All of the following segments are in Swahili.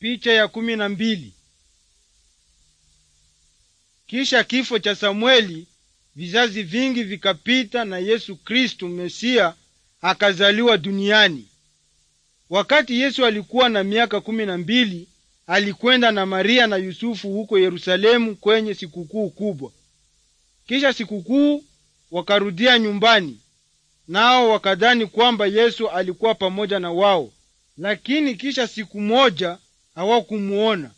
Picha ya kumi na mbili. Kisha kifo cha Samueli, vizazi vingi vikapita na Yesu kristu Mesia akazaliwa duniani. Wakati Yesu alikuwa na miaka kumi na mbili, alikwenda na Maria na Yusufu huko Yerusalemu kwenye sikukuu kubwa. Kisha sikukuu wakarudia nyumbani, nao wakadhani kwamba Yesu alikuwa pamoja na wao. Lakini kisha siku moja hawakumuona.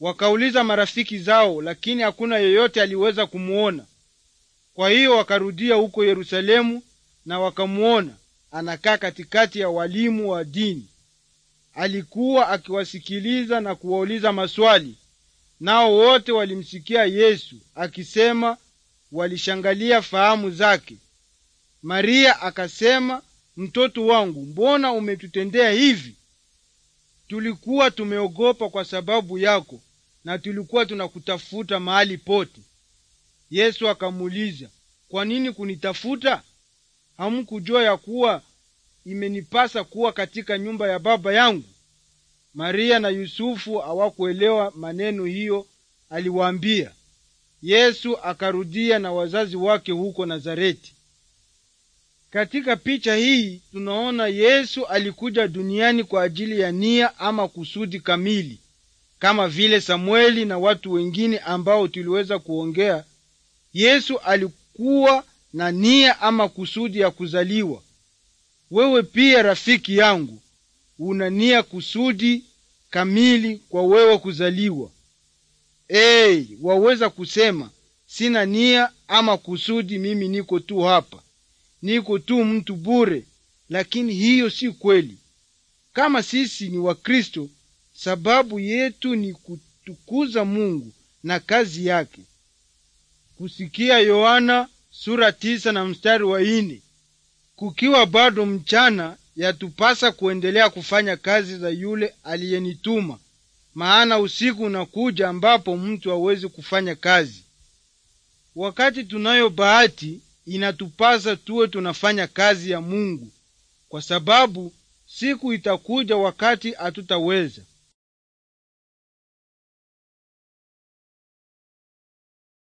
Wakauliza marafiki zao, lakini hakuna yeyote aliweza kumuona. Kwa hiyo wakarudia huko Yerusalemu na wakamuona anakaa katikati ya walimu wa dini. Alikuwa akiwasikiliza na kuwauliza maswali, nao wote walimsikia Yesu akisema, walishangalia fahamu zake. Maria akasema, mtoto wangu, mbona umetutendea hivi? tulikuwa tumeogopa kwa sababu yako na tulikuwa tunakutafuta mahali pote. Yesu akamuuliza, kwa nini kunitafuta? Hamkujua ya kuwa imenipasa kuwa katika nyumba ya baba yangu? Maria na Yusufu hawakuelewa maneno hiyo aliwaambia. Yesu akarudia na wazazi wake huko Nazareti. Katika picha hii tunaona Yesu alikuja duniani kwa ajili ya nia ama kusudi kamili, kama vile Samueli na watu wengine ambao tuliweza kuongea. Yesu alikuwa na nia ama kusudi ya kuzaliwa. Wewe pia rafiki yangu, una nia kusudi kamili kwa wewe kuzaliwa. Hey, waweza kusema sina nia ama kusudi, mimi niko tu hapa niko tu mtu bure, lakini hiyo si kweli. Kama sisi ni Wakristo, sababu yetu ni kutukuza Mungu na kazi yake. Kusikia Yohana sura tisa na mstari wa ine. Kukiwa bado mchana, yatupasa kuendelea kufanya kazi za yule aliyenituma, maana usiku unakuja ambapo mtu hawezi kufanya kazi. Wakati tunayo bahati inatupasa tuwe tunafanya kazi ya Mungu, kwa sababu siku itakuja wakati hatutaweza.